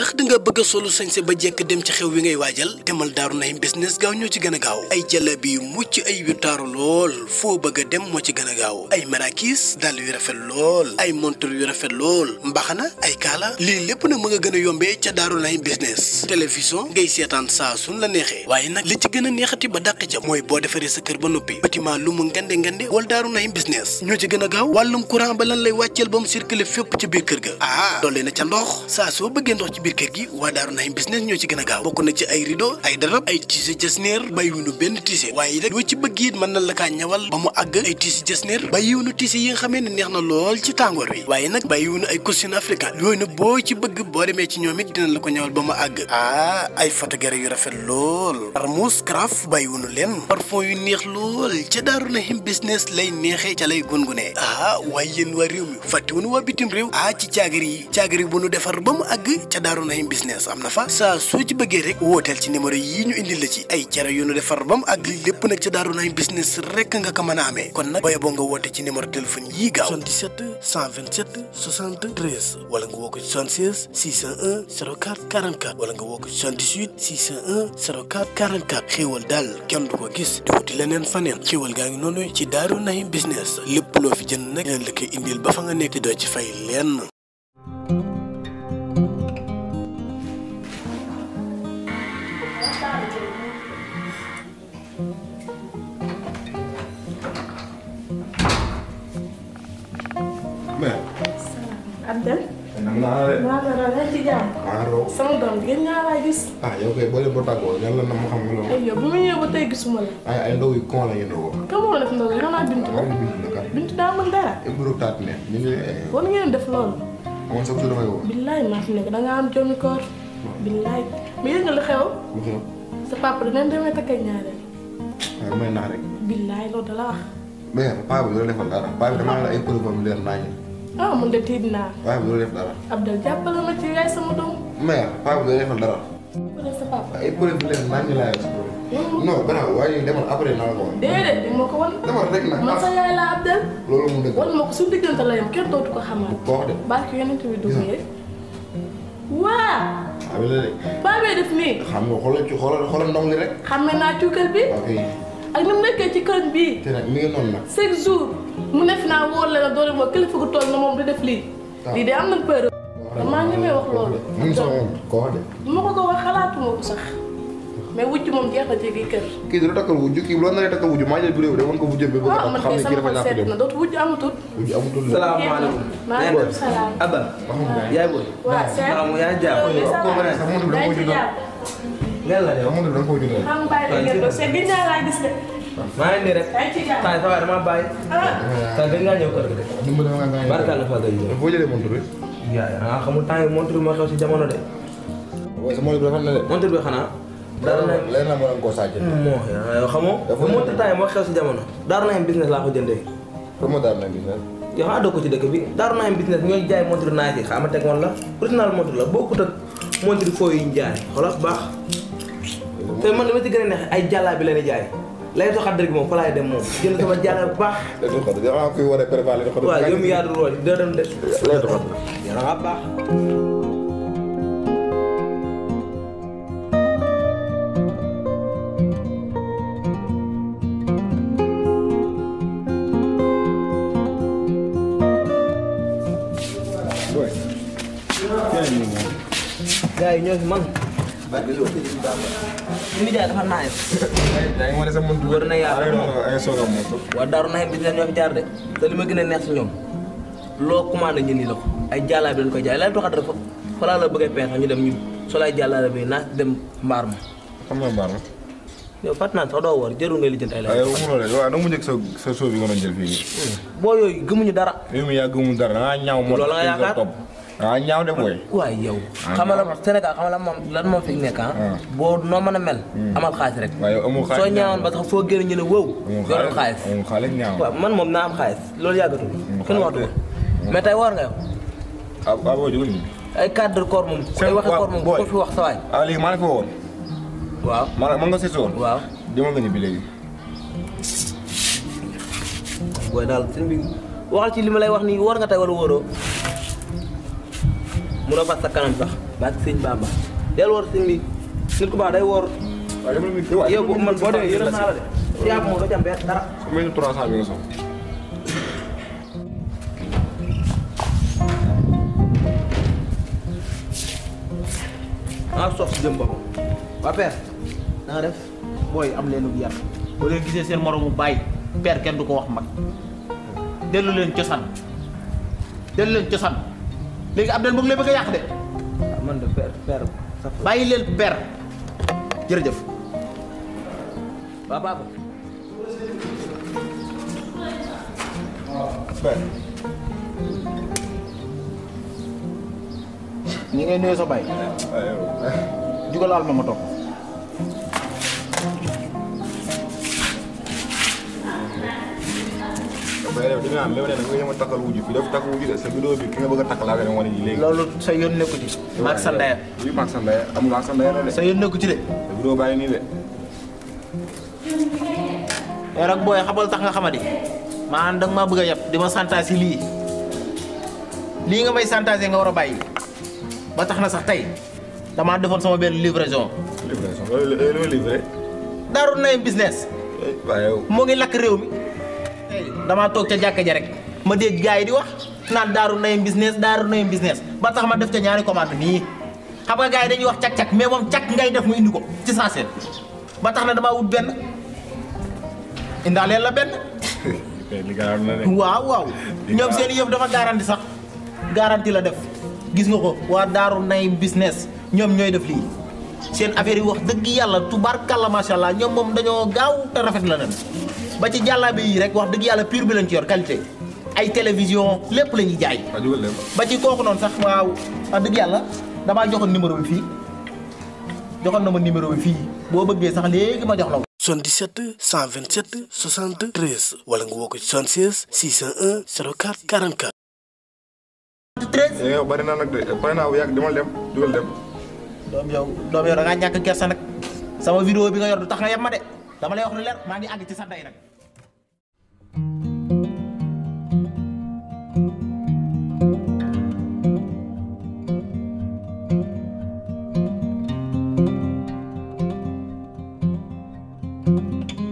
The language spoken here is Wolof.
ndax da nga bëgg a solu sañse ba jekk dem ci xew wi ngay waajal demal Daaru Nahim business gaaw ñoo ci gën a gaaw ay jalabi yu mucc ay yu taaru lool foo bëgg dem moo ci gën a gaaw ay marakis dàll yu rafet lool ay montre yu rafet lool mbaxana ay kaala lii lépp nag mën nga gën yombee ca Daaru Nahim business télévision ngay seetaan saa suñ la neexee waaye nag li ci gën a neexati ba dàq ca mooy boo defaree sa kër ba noppi bâtiment lu mu ngande ngande wala Daaru Nahim business ñoo ci gën a gaaw wàllum courant ba lan lay wàcceel ba mu circuler fépp ci biir kër ca ndox biir kër gi waa Daaru Naim business ñoo ci gën a gaaw bokk na ci ay rideau ay darab ay tiise jasneer bàyyiwuñu benn tiise waaye it loo ci bëgg it ba mu àgg ay tiise jasneer yi nga ne na la ko ñawal ba mu àgg ah ay photogare yu rafet lool armus craft bàyyiwuñu leen parfum yu neex lool ca Daaru Naim business lay neexee ca lay gungune ah waaye yéen waa réew mi fàttewuñu waa bitim réew ah ci caagari yi caagari bu nu defar ba mu àgg ca Daaru Arona Home Business am na fa saa soo ci bëggee rek wooteel ci numéro yii ñu indil la ci ay cere yu nu defar bam ak lépp nag ci Arona Home Business rek nga ko mën a amee kon nag booy boo nga woote ci numéro téléphone yii gaaw 77 127 73 wala nga woo ko 76 601 04 44 wala nga woo ko 78 601 04 44 xéewal daal kenn du ko gis di wuti leneen faneen xéewal gaa ngi noonu ci Arona Home Business lépp loo fi jënd nag leen la koy indil ba fa nga Abdel. am naa la de. maa ngi doon rek ci jàmm. sama doom bi gën naa laa gis. ah yow kay boo leen ba tàggoo lan la ma xam nga. ay yow bu ma ñëwee ba tey gisuma la. ay ay ndaw yu con la ñu ndawoo. kan moo def ndaw yi xanaa bintu la. bintu daa mën dara. imburu taat ne ñu ngi. war ngeen def loolu. amoon sa damay woo. billaay maa fi nekk da ngaa am joomi koor. billaay mais yëngal lu xew. lu xew sa papa dinañ demee takk ak ñaareel. waaw ah, may naa rek. billaay loolu da la wax. mais paa bi dina defal dara paa bi damaa la ay preuve am leer naa ñu ah mun de tiit naa. waaye dara. yaay ay problème bi leen naa ñu laa yor si problème. non waaye demal la ko wan. déedéet la Abdel. loolu mu dëgg ko suñu diggante la yam kenn dootu ko xamaat. ko bi dugg rek. waa. xam nga léegi. baa bee def nii. xam nga xoolal ci xoolal xoolal ndox mi rek. xam nga naa cuukal bi. ak ni mu nekkee ci kër bi. te nag mi ngi noon nag. chaque jour. mu ne fi naa wóor la la doole mooy kilifa gu toll na moom du def lii. Ah. lii de am na peur. damaa ah. ñemee wax loolu. mun sa moom ko wax de. du ma ko ko wax xalaatuma ko sax. mais wujj moom jeex na jéggi kër. kii dina takkal wujj kii bu la naree takkal wujj maa jël bu réew de wan ko wujj bi bëgg a ah, xam ne kii dafa ñàkk a dem na dootu wujj amatul. wujj amatul la salaamaaleykum. maaleykum salaam. Abba. yaay booy. waaw Seydou waaw yaa jàpp. waaw kooku nag sax maa ngi nii rek. waaye sa waay damaa bàyyi. Ah. tey gën ngaa ñëw kër gi de. dimbali ma ngaa ñëw barka la fa ñëw. boo jëlee ah, de. waaye sa montre bi de. montre bi xanaa. dara na leer si hmm, ah, jamono. daar na yem na business. yow xanaa doo ci dëkk bi daar na yem business ñooy jaay montre naa si xaaral ma teg woon la original montre la bokkut ak montre foo yi ñu jaay baax te man li ma gën a neex ay jàllaa bi la ñuy jaay laylatul xadar gi moom fa dem moom jël sama jàng bu baax. laylatul xadar yow maa koy war a préparé. waaw yow de. laylatul xadar yow da ba gis nga dafa naa yëg. wër na yaa waa daaru na bi ñoo fi jaar de. te li ma gën a neex si ñoom loo commandé ñu nii la ko ay jàllale bi lañ koy jaay laay toxat rek fa laa la bëggee pexe ñu dem ñu soo bi naa dem mbaar ma. xam nga mbaar ma. yow fàtt naa sax war jëru nga lijjanti ay la. waaw waaw dama njëkk sa bi nga doon jël fii. boo yooyu gëmuñu dara. yow mii yaa gëmuñu dara da ngaa moo. loolu nga yaakaar ah ñaaw de mooy. waaw yow. xamal la ah, Sénégal xamal la moom fi nekk ah? ah. boo noo mën a mel. Hmm. amal xaalis rek. soo ñaawoon ba sax foo génn ñu ne wow. amul xaalis man nga yow. Ah, wax sa waay. ah léegi woon. waaw maa ma nga seet si léegi. waxal ci li wax nii woor nga tey wala wóoroo mun a fas sa kanam sax baag sëñ Bamba del woor sëñ bi nit ku baax day woor. waaye man boo demee yërëm naa la yaa moom doo ci dara. su ma yëg 300 bi nga soxla. maa sox si jëm ba ko. waa père na def booy am leen yar boo leen gisee seen moromu bàyyi père kenn du ko wax mag dellu leen cosaan dellu cosaan. léegi Abdel mu ngi lay bëgg a yàq de. waaw ah, man de per per. bàyyi leen per jërëjëf. waaw Baba. ngay nuyu sa baay. Ah, jugal alma ma toog. def dinaa am léeg-léeg nga ñëw a takkal wuju fi de ki nga bëgg a takk laa sa yoon nekku ci. maag sa ndaya. oui sa ndaya amul maag sa ndaya la yoon nekku de. tax nga xamadi maa bëgg a yab di ma santaas si lii nga may santaase nga war a bàyyi tax na sax tey dama defoon sama benn livraison. livraison loolu na business. waaye mu ngi lakk réew mi. damaa toog ca jàkka ja rek ma dégg gars yi di wax naan daaru nay business daaru nayem business ba tax ma def ca ñaari commande nii xam nga gars yi dañuy wax cak-cak mais moom cak ngay def mu indi ko ci saaseen ba tax na damaa wut benn indaaleel la benn waaw waaw ñoom seen yëf dafa garanti sax garanti la def gis nga ko waa daaru nay business ñoom ñooy def lii seen affaire yi wax dëgg yàlla tubaarkàlla macha allah ñoom moom dañoo gaaw te rafet la nen ba ci jàllaabe yi rek wax dëgg yàlla pure bi lañ ci yor qualité ay télévision lépp la ñuy jaay. ba ci kooku noonu sax waaw wax dëgg yàlla damaa joxoon numéro bi fii joxoon na ma numéro bi fii boo bëggee sax léegi ma jox la ko. 77 127 73 wala nga woo ko 76 601 04 44. 13 yow bari naa nag de bari naa bu yàgg doom yow doom yow da ngaa ñàkk sama vidéo bi nga yor du tax nga yem ma de dama lay wax lu leer maa ngi àgg ci sa ndey nag.